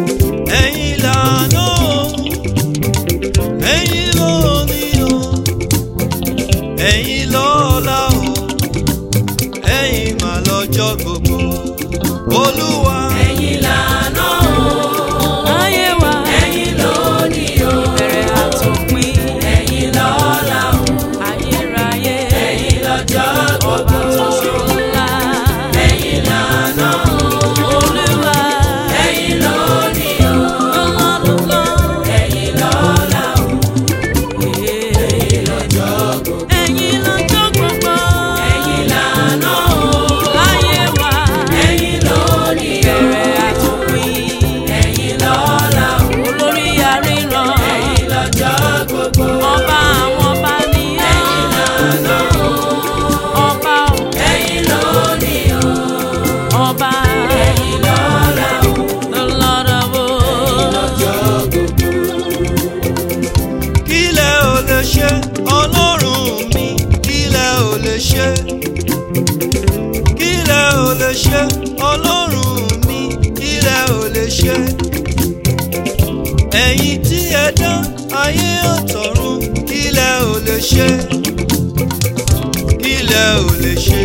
Thank you. lè ṣe. ẹ̀yin tí ẹ dán ayé ọ̀tọ̀run ilẹ̀ ò lè ṣe. ilẹ̀ ò lè ṣe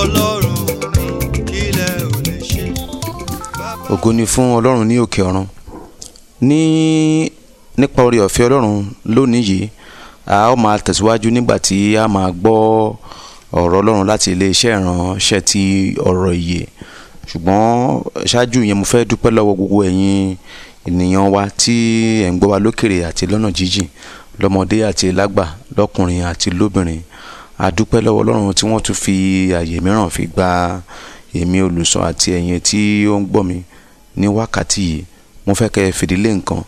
ọlọ́run mi ilẹ̀ ò lè ṣe. ògo ni fún ọlọ́run ní òkè ọ̀run ní nípa oore ọ̀fẹ́ ọlọ́run lónìí yìí a ó máa tẹ̀síwájú nígbà tí a máa gbọ́ ọ̀rọ̀ ọlọ́run láti iléeṣẹ́ ìránṣẹ́ ti ọ̀rọ̀ ìyè ṣùgbọ́n ṣáájú yẹn mo fẹ́ dúpẹ́ lọ́wọ́ gbogbo ẹ̀yin ènìyàn wa tí ẹ̀ ń gbọ́ wa lókèrè àti lọ́nà jíjìn lọ́mọdé àti lágbà lọ́kùnrin àti lóbìnrin a dúpẹ́ lọ́wọ́ Ọlọ́run tí wọ́n tún fi àyè mìíràn fi gba èmi olùsọ àti ẹ̀yin tí ó ń gbọ́ mi ní wákàtí yìí mo fẹ́ kẹ́ ẹ fìdílé nǹkan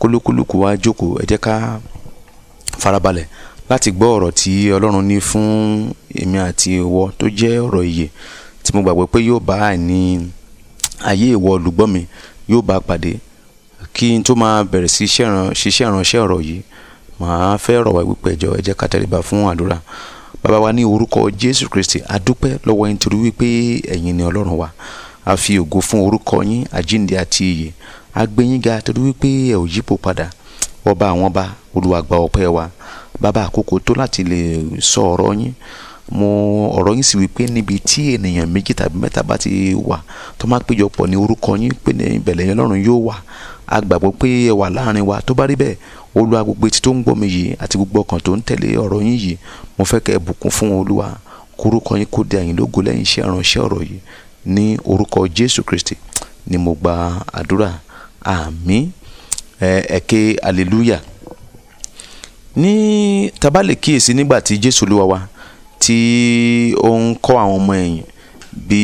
kólúkúlùkù wá jókòó ẹ jẹ́ ká farabalẹ̀ láti gbọ́ ọ̀rọ̀ tí Ọlọ́run ní fún èmi àti ìwọ tó jẹ́ ọ̀rọ̀ ìyè tí mo gbàgbọ́ pé yóò bá àìní ayé ìwọ olùgbọ́ mi yóò bá pàdé kí n tó máa bẹ̀rẹ̀ sí ṣiṣẹ́ ìránṣẹ́ ọ̀rọ̀ yìí màá fẹ́ rọ̀ wá wípé ẹjọ́ ẹ jẹ́ ká tẹríba fún àdúrà bàbá wa ní orúkọ Jésù Kristi adúpẹ́ lọ́wọ́ yín torí wípé ẹ̀yin ni Ọlọ́run wa a fi ògo fún orúkọ yín àjíǹde àti ìyè a gbé yín ga torí wípé ẹ ò yípo padà ọba àwọn ọba olùwàgbà ọpẹ́ wa bàbá àkókò tó láti lè sọ ọ̀rọ̀ yín mo ọ̀rọ̀ yín sì wípé níbi tí ènìyàn méjì tàbí mẹ́ta bá ti wà tó máa péjọ pọ̀ ní orúkọ yín pé ní ìbẹ̀lẹ̀ yẹn lọ́run yóò wà a gbàgbọ́ pé ẹ wà láàrin wa tó bá rí bẹ́ẹ̀ olúwa gbogbo etí tó ń gbọ́ mi yìí àti gbogbo ọkàn tó ń tẹ̀lé ọ̀rọ̀ yín yìí mo fẹ́ kẹ́ ẹ bùkún fún olúwa kórúkọ yín kó di àyìn lógo lẹ́yìn iṣẹ́ ìránṣẹ́ ọ̀rọ̀ yìí ní orúkọ jésù kristi ni mo gba àdúrà àmín ẹ̀kẹ́ hallelujah ní tá bá lè kíyèsí nígbà tí jésù olúwa wa tí ó ń kọ́ àwọn ọmọ ẹ̀yìn bí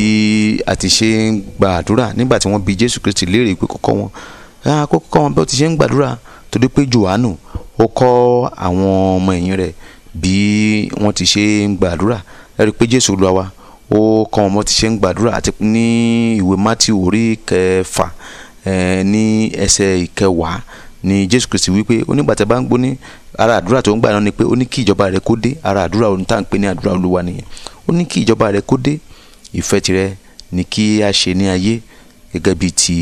a ti ṣe ń gba nígbà tí wọ́n bi Jésù Kristi léèrè pé kọ́kọ́ wọn kọ́kọ́ wọn bí ó ti ṣe ń gbàdúrà torí pé Jòhánù ó kọ́ àwọn ọmọ ẹ̀yìn rẹ̀ bí wọ́n ti ṣe ń gbàdúrà ẹ rí i pé Jésù Olúwa wa ó kọ́ wọn bí wọ́n ti ṣe ń gbàdúrà àti ní ìwé Mátíù orí kẹfà ní ẹsẹ̀ ìkẹwàá ni jésù kristi wípé onígbàtà bá ń gbóní ara àdúrà tó ń gbà náà ni pé ó ní kí ìjọba rẹ kó dé ara àdúrà òun tá à ń pè ní àdúrà olúwa nìyẹn ó ní kí ìjọba rẹ kó dé ìfẹ́ tirẹ̀ ni kí a ṣe ní ayé gẹ́gẹ́ bíi ti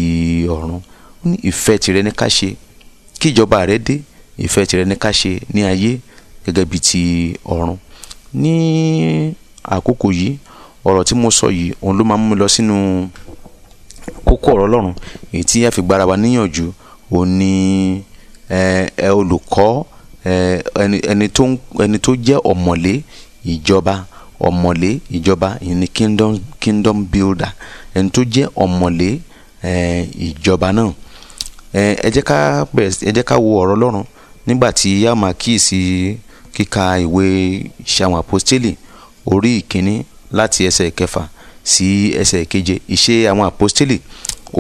ọ̀run ó ní ìfẹ́ tirẹ̀ ni ká ṣe kí ìjọba rẹ dé ìfẹ́ tirẹ̀ ni ká ṣe ní ayé gẹ́gẹ́ bíi ti ọ̀run ní àkókò yìí ọ̀rọ̀ tí mo sọ yìí òun ló máa mú mi lọ sínú kókó ọ̀rọ̀ ọlọ́run èyí tí a fi gbára wa níyànjú ó ní ẹ olùkọ́ ẹni tó ẹni tó jẹ́ ọ̀mọ̀lé ìjọba ọ̀mọ̀lé ìjọba ìyẹn ni kingdom kingdom builder ẹni tó jẹ́ ọ̀mọ̀lé ìjọba náà ẹ jẹ́ ká bẹ̀rẹ̀ ẹ jẹ́ ká wo ọ̀rọ̀ Ọlọ́run nígbà tí a máa kíyèsí kíka ìwé iṣẹ́ àwọn àpọ́stélì orí ìkíní láti ẹsẹ̀ kẹfà sí ẹsẹ̀ keje ìṣe àwọn àpọ́stélì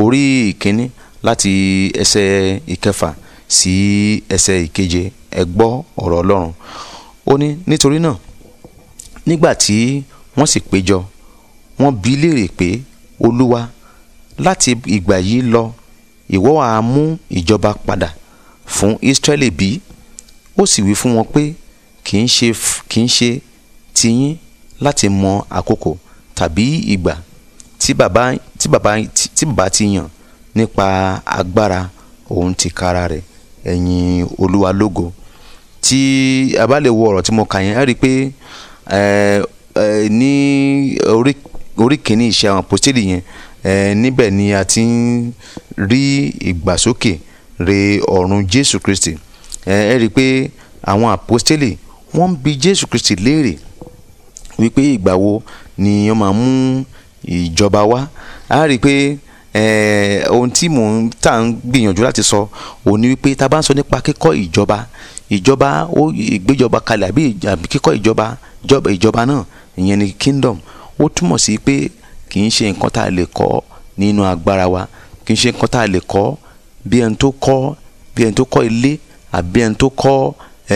orí ìkíní láti ẹsẹ̀ ìkẹfà sí ẹsẹ̀ ìkeje ẹ gbọ́ ọ̀rọ̀ ọlọ́run ó ní nítorí náà nígbà tí wọ́n sì péjọ wọ́n bi í léèrè pé olúwa láti ìgbà yìí lọ ìwọ wàá mú ìjọba padà fún Ísírẹ́lì bí ó sì wí fún wọn pé kì í ṣe kì í ṣe tiyín láti mọ àkókò tàbí ìgbà tí bàbá tí bàbá ti yàn nípa agbára òun ti kára rẹ̀ ẹ̀yin olúwa lógo tí a bá lè wo ọ̀rọ̀ tí mo kà yẹn ẹ rí i pé ní orí kìíní iṣẹ́ àwọn apostoli yẹn níbẹ̀ ni a ti ń rí ìgbàsókè re ọ̀run Jésù Kristi ẹ rí i pé àwọn apostoli wọ́n ń bi Jésù Kristi léèrè wípé ìgbà wo ni wọ́n máa mú ìjọba wá a rí i pé Eh, ohun tí mò ń tà ń gbìyànjú láti sọ òun ni wípé tá a bá ń sọ nípa kíkọ́ ìjọba ìjọba ó ìgbéjọba kalẹ̀ àbí kíkọ́ ìjọba ìjọba náà ìyẹn ni kingdom ó túmọ̀ sí pé kì í ṣe nǹkan tá a lè kọ́ nínú agbára wa kì í ṣe nǹkan tá a lè kọ́ bí ẹni tó kọ́ bí ẹni tó kọ́ ilé àbí ẹni tó kọ́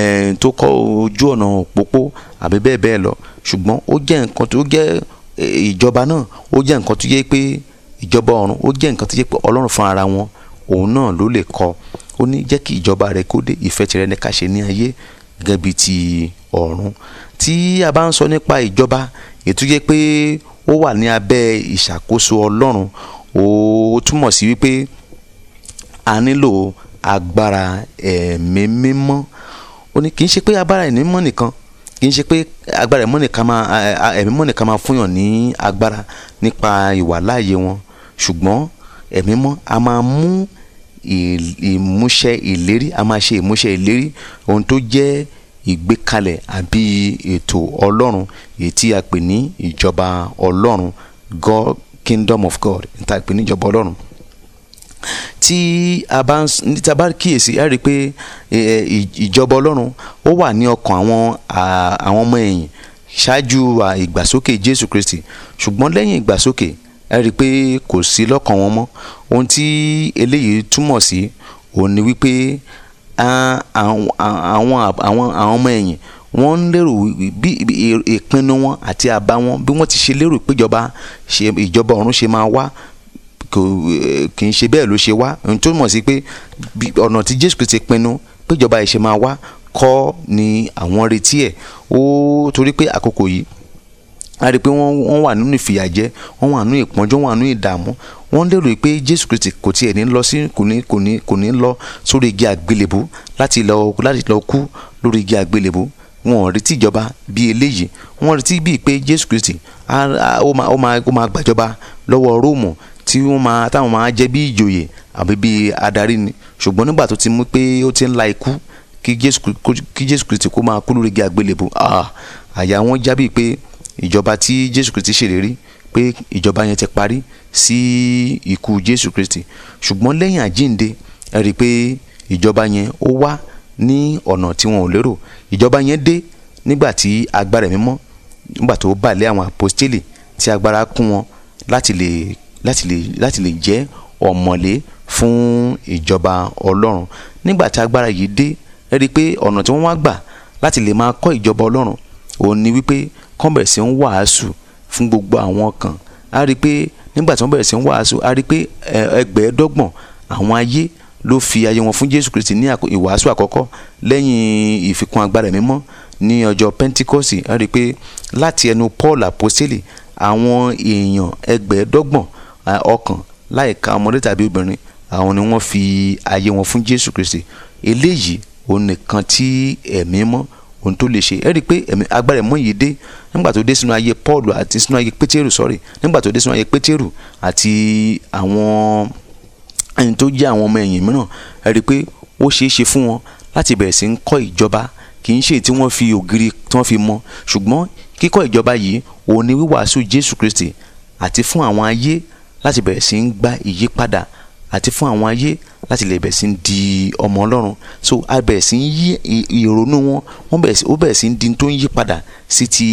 ẹni eh, tó kọ́ ojú ọ̀nà òpópó àbí bẹ́ẹ̀ bẹ́ẹ̀ lọ ṣùgbọ́n ó jẹ́ nǹkan tó jẹ́ eh, ìjọba náà ó jẹ́ nǹkan tó yẹ pé ìjọba ọ̀run ó jẹ́ nǹkan tó jẹ́ pé ọlọ́run fún ara wọn òun náà ló lè kọ ó ní jẹ́ kí ìjọba rẹ kó dé ìfẹ́ tirẹ̀ ní ká ṣe ní ayé gẹ́gẹ́ bí ti ọ̀run tí a bá ń sọ nípa ìjọba ètò jẹ́ pé ó wà ní abẹ́ ìṣàkóso ọlọ́run ó túmọ̀ sí wípé a nílò agbára ẹ̀mí mímọ́ ó ní kì í ṣe pé agbára ẹ̀mí mímọ́ nìkan kì í ṣe pé agbára ẹ̀mí mímọ́ nìkan máa fúnyàn ní agbára nípa ìwàláàyè wọn ṣùgbọ́n ẹ̀mí mọ́ a máa mú ìmúṣẹ ìlérí a máa ṣe ìmúṣẹ ìlérí ohun tó jẹ́ ìgbékalẹ̀ àbí ètò ọlọ́run èyí a pè ní ìjọba ọlọ́run God kingdom of God tá a pè ní ìjọba ọlọ́run tí a bá ní tí a bá kíyèsí a rí i pé ìjọba ọlọ́run ó wà ní ọkàn àwọn àwọn ọmọ ẹ̀yìn ṣáájú ìgbàsókè Jésù Kristi ṣùgbọ́n lẹ́yìn ìgbàsókè ẹ rí i pé kò sí lọ́kàn wọn mọ́ ohun tí eléyìí túmọ̀ sí òun ni wípé àwọn àwọn ọmọ ẹ̀yìn wọ́n ń lérò bí ìpinnu wọn àti àbá wọn bí wọ́n ti ṣe lérò péjọba ìjọba ọ̀run ṣe máa wá kì í ṣe bẹ́ẹ̀ ló ṣe wá ohun tó mọ̀ sí pé ọ̀nà tí Jésù ti pinnu péjọba ìṣe máa wá kọ́ ni àwọn retí ẹ̀ ó torí pé àkókò yìí a rí i pé wọ́n wà nínú ìfìyàjẹ wọ́n wà nínú ìpọ́njú wọ́n wà nínú ìdààmú wọ́n lérò pé jésù kristi kò tiẹ̀ ní lọ sí kò ní kò ní kò ní lọ sórí igi àgbélébù láti lọ láti lọ kú lórí igi àgbélébù wọn ò retí ìjọba bí eléyìí wọn retí bíi pé jésù kristi ó máa ó máa ó máa gbàjọba lọ́wọ́ róòmù tí wọ́n máa táwọn máa jẹ́ bí ìjòyè àbí bí adarí ni ṣùgbọ́n nígbà tó ti mú pé ó ti ń la ikú kí jésù kristi kó máa kú lórí igi àgbélébù àyà wọn já pé ìjọba tí jésù kristi ṣèlérí pé ìjọba yẹn ti parí sí ikú jésù kristi ṣùgbọ́n lẹ́yìn àjínde ẹ rí i pé ìjọba yẹn ó wá ní ọ̀nà tí wọn ò lérò ìjọba yẹn dé nígbà tí agbára ẹ̀mí mímọ́ nígbà tó bà lé àwọn apostoli tí agbára kún wọn láti lè láti lè láti lè jẹ́ ọ̀mọ̀lé fún ìjọba ọlọ́run nígbà tí agbára yìí dé ẹ rí i pé ọ̀nà tí wọ́n wá gbà láti lè máa kọ́ ìjọba ọlọ́run òun ni wípé kọ́ bẹ̀rẹ̀ sí ń wàásù fún gbogbo àwọn kan a rí i pé nígbà tí wọ́n bẹ̀rẹ̀ sí ń wàásù a rí i pé ẹgbẹ̀ẹ́dọ́gbọ̀n àwọn ayé ló fi ayé wọn fún Jésù Kristi ní ìwàásù àkọ́kọ́ lẹ́yìn ìfikún agbára mímọ́ ní ọjọ́ Pentikọ́sì a rí i pé láti ẹnu Paul apostoli àwọn èèyàn ẹgbẹ̀ẹ́dọ́gbọ̀n ọkàn láìka ọmọdé tàbí obìnrin àwọn ni wọ́n fi ayé wọn fún Jésù Kristi eléyìí òun nìkan ohun tó lè ṣe ẹ rí i pé ẹ̀mí agbára ẹ̀mọ́ yìí dé nígbà tó dé sínú ayé Paul àti sínú ayé Pétérù sorry nígbà tó dé sínú ayé Pétérù àti àwọn ẹni tó jẹ́ àwọn ọmọ ẹ̀yìn mìíràn ẹ rí i pé ó ṣeé ṣe fún wọn láti bẹ̀rẹ̀ sí ń kọ́ ìjọba kì í ṣe tí wọ́n fi ògiri tí wọ́n fi mọ̀ ṣùgbọ́n kíkọ́ ìjọba yìí òun ni wíwàásù Jésù Kristi àti fún àwọn ayé láti bẹ̀rẹ̀ sí ń gba ìyípadà àti fún àwọn ayé láti lè bẹ̀rẹ̀ sí ń di ọmọ ọlọ́run so a bẹ̀rẹ̀ sí ń yí ìrònú wọn wọ́n bẹ̀rẹ̀ sí ó bẹ̀rẹ̀ sí ń di tó ń yí padà sí ti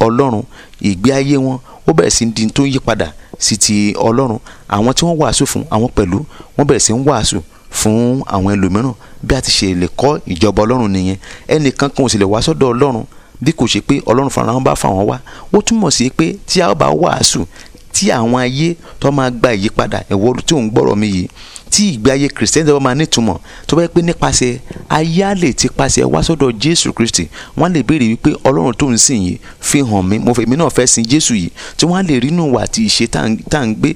ọlọ́run ìgbé ayé wọn ó bẹ̀rẹ̀ sí ń di tó ń yí padà sí ti ọlọ́run àwọn tí wọ́n wàásù fún àwọn pẹ̀lú wọ́n bẹ̀rẹ̀ sí ń wàásù fún àwọn ẹlòmíràn bí a ti ṣe lè kọ́ ìjọba ọlọ́run nìyẹn ẹnìkan kan ò sì lè wá sọ́dọ̀ ọlọ́run bí kò ṣe pé ọlọ́run fúnra wọn bá fà wọ́n wá ó túmọ̀ sí pé tí a bá wàásù tí àwọn ayé tó máa gba ìyípadà ẹ̀wọ́ tí òun gbọ́rọ̀ mi yìí tí ìgbé ayé kìrìsìtẹ́nì tó bá máa nítumọ̀ tó bá yẹ pé nípasẹ̀ ayálè ti pasẹ̀ wá sọ́dọ̀ jésù kristi wọ́n lè béèrè wípé ọlọ́run tó ń sìn yìí fi hàn mí mo fẹ́ mi náà fẹ́ sin jésù yìí tí wọ́n á lè rínú wà tí ìṣe tá à ń gbé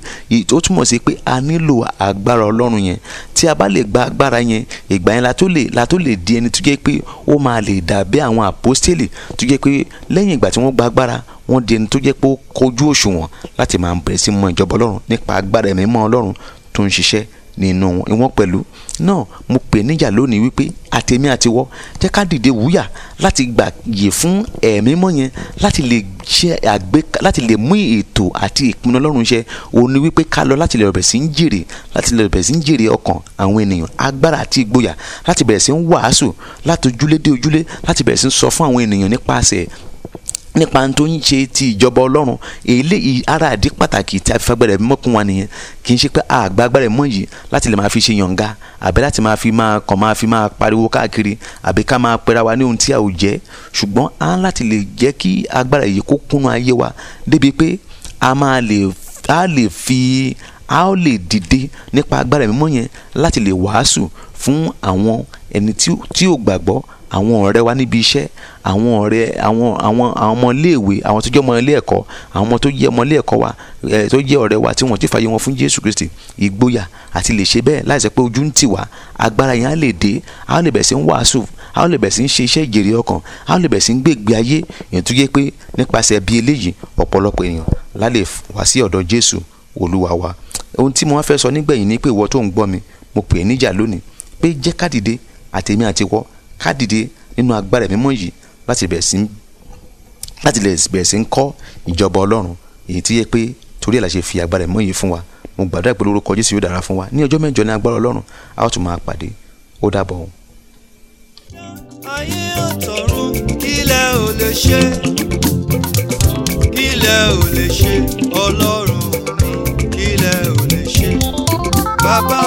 ó túmọ̀ sí pé a nílò agbára ọlọ́run yẹn tí a bá lè gba agbára yẹn ìgbà yẹn la tó lè la lè di ẹni tó jẹ́ pé ó máa lè dàbí àwọn àpọ́stélì tó jẹ́ pé lẹ́yìn ìgbà tí wọ́n gba agbára wọ́n di ẹni tó jẹ́ pé ó kojú òṣùwọ̀n láti máa bẹ̀rẹ̀ sí mọ ìjọba ọlọ́run nípa agbára ẹ̀mí mọ́ ọlọ́run tó ń ṣiṣẹ́ nínú wọn pẹ̀lú náà mo pè níjà lónìí wípé àtèmi àtiwọ́ jẹ́ ká dìde wúyà láti gbàyè fún ẹ̀mí mọ́ yẹn láti lè ṣe àgbé láti lè mú ètò àti ìpinnu ọlọ́run ṣẹ òun ni wípé ká lọ láti lè bẹ̀rẹ̀ sí ń jèrè láti lè bẹ̀rẹ̀ sí ń jèrè ọkàn àwọn ènìyàn agbára àti ìgboyà láti bẹ̀rẹ̀ sí ń wàásù láti ojúlé dé ojúlé láti bẹ̀rẹ̀ sí ń sọ fún àwọn ènìyàn nípasẹ̀ nípa tó ń ṣe ti ìjọba ọlọ́run eléyìí ara àdí pàtàkì tí a fi fagbẹ́rẹ́ mọ́kún wa nìyẹn kì í ṣe pé àgbàgbẹ́rẹ́ mọ́ yìí láti lè máa fi ṣe yànga àbí láti máa fi máa kàn máa fi máa pariwo káàkiri àbí ká máa pera wa ní ohun tí a ò jẹ́ ṣùgbọ́n a láti lè jẹ́ kí agbára yìí kó kúnnú ayé wa débi pé a máa lè a lè fi a ó lè dìde nípa agbára mímọ́ yẹn láti lè wàásù fún àwọn ẹni tí ò gbàgbọ́ àwọn ọ̀rẹ́ wa níbi iṣẹ́ àwọn ọ̀rẹ́ àwọn àwọn àwọn ọmọ iléèwé àwọn tó jẹ́ ọmọ ẹ̀kọ́ àwọn ọmọ tó jẹ́ ọmọ ẹ̀kọ́ wa tó jẹ́ ọ̀rẹ́ wa tí wọ́n ti fàyè wọn fún Jésù Kristi ìgboyà àti lè ṣe bẹ́ẹ̀ láìsẹ̀ pé ojú ń tì wá agbára yẹn á lè dé á lè bẹ̀ sí ń wàásù á lè bẹ̀ sí ń ṣe iṣẹ́ ìjèrè ọkàn á lè bẹ̀ sí ń gbègbè ayé èyí tó yẹ pé nípasẹ̀ bí eléyìí ọ̀pọ̀lọpọ̀ ènìyàn lálẹ́ wá sí ọ̀dọ̀ Jésù Olúwa wa ohun tí mo wá fẹ́ sọ nígbẹ̀yìn ni pé ìwọ tó ń gbọ́ mi mo pè é níjà lónìí pé jẹ́ ká dìde àtèmi àtiwọ́ ká nínú agbára ẹ̀mí mímọ́ yìí láti bẹ̀rẹ̀ sí láti bẹ̀rẹ̀ sí ń kọ́ ìjọba ọlọ́run èyí tí yẹ pé torí ẹ̀ la ṣe fi agbára ẹ̀ mọ́ yìí fún wa mo gbàdúrà pé lórúkọ jésù yóò dára fún wa ní ọjọ́ mẹ́jọ ní agbára ọlọ́run a ó tún máa pàdé ó dàbọ̀ o. ayé ọ̀tọ̀run ilẹ̀ ò lè ṣe ilẹ̀ ò lè ṣe ọlọ́run mi ilẹ̀ ò lè ṣe bàbá.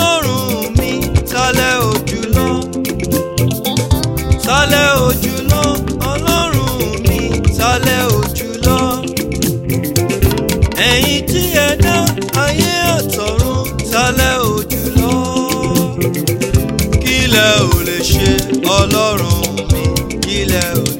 ọlọ́run mi sálẹ̀ òjùlọ sálẹ̀ òjùlọ ọlọ́run mi sálẹ̀ òjùlọ ẹ̀yin tí ẹ dá ayé àtọ̀run sálẹ̀ òjùlọ kílẹ̀ ò lè ṣe ọlọ́run mi kílẹ̀ ò.